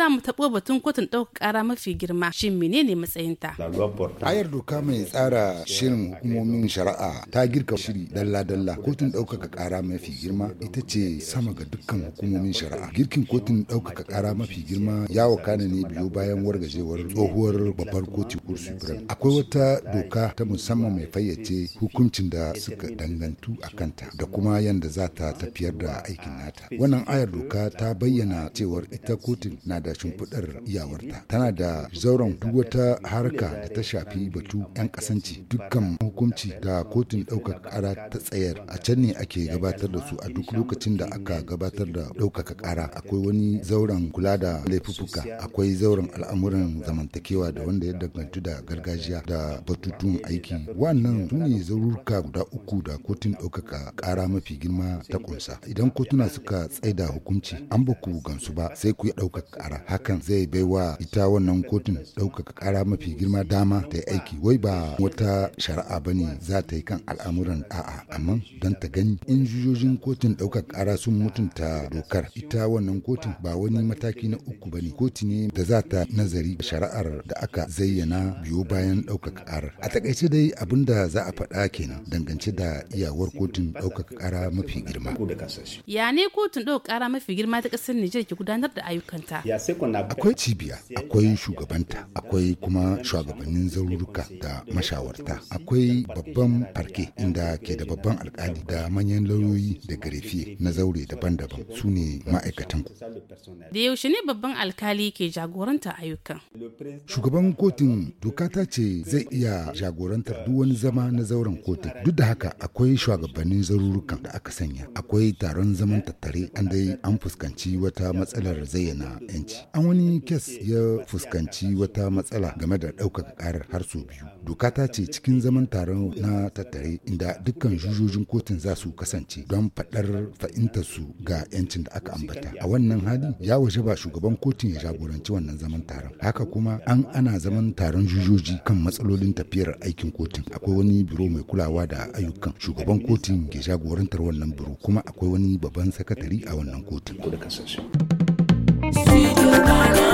za mu taɓo batun kotun ɗaukar ƙara mafi girma shin menene matsayinta. Ayar doka mai tsara shirin hukumomin shari'a ta girka shiri dalla-dalla kotun ɗaukaka ƙara mafi girma ita ce sama ga dukkan hukumomin shari'a. Girkin kotun ɗaukaka ƙara mafi girma ya wakana ne biyu bayan wargajewar tsohuwar babbar kotu kursu Akwai wata doka ta musamman mai fayyace hukuncin da suka dangantu a kanta da kuma yadda za ta tafiyar da aikin nata. Wannan ayar doka ta bayyana cewar ita kotun na da da shimfiɗar iyawarta tana da zauren duk wata harka da ta shafi batu 'yan kasanci dukkan hukunci da kotun ɗaukar ƙara ta tsayar a can ne ake gabatar da su a duk lokacin da aka gabatar da ɗaukaka ƙara akwai wani zauren kula da laifuffuka akwai zauren al'amuran zamantakewa da wanda ya dangantu da gargajiya da batutun aiki wannan su ne zaururka guda uku da kotun ɗaukaka ƙara mafi girma ta kunsa idan kotuna suka tsaida hukunci an ba ku gamsu ba sai ku yi ɗaukaka hakan zai bai wa ita wannan kotun ɗaukaka ƙara mafi girma dama ta yi aiki wai ba wata shari'a ba ne za ta yi kan al'amuran a'a amma don ta gani in jujojin kotun ɗaukar ƙara sun mutunta dokar ita wannan kotun ba wani mataki na uku ba ne kotu ne da za ta nazari shari'ar da aka zayyana biyo bayan ɗaukar ƙara. a takaice dai abin da za a faɗa kenan dangance da iyawar kotun ɗaukar ƙara mafi girma ya ne kotun ɗaukar ƙara mafi girma ta ƙasar Nijar ke gudanar da ayyukanta akwai cibiya akwai shugabanta akwai kuma shugabannin zaruruka da mashawarta akwai babban farke inda ke da babban alkali da manyan lauyoyi da garefiye na zaure daban-daban su ne ma'aikatan da yaushe ne babban alkali ke jagoranta ayyukan shugaban kotun doka ta ce zai iya jagorantar duk wani zama na zauren kotun duk da haka akwai shugabannin zarurukan da aka sanya akwai taron zaman tattare an dai an fuskanci wata matsalar zayyana 'yanci an wani kes ya fuskanci wata matsala game da ɗaukaka ƙarar har sau biyu doka ta ce cikin zaman taron na tattare inda dukkan jujojin kotun za su kasance don faɗar fa'intar su ga 'yancin da aka ambata a wannan hali ya waje ba shugaban kotun ya jagoranci wannan zaman taron haka kuma an ana zaman taron jujoji kan matsalolin tafiyar aikin kotun akwai wani biro mai kulawa da ayyukan shugaban kotun ke jagorantar wannan biro kuma akwai wani babban sakatari a wannan kotun. Studio Ghana.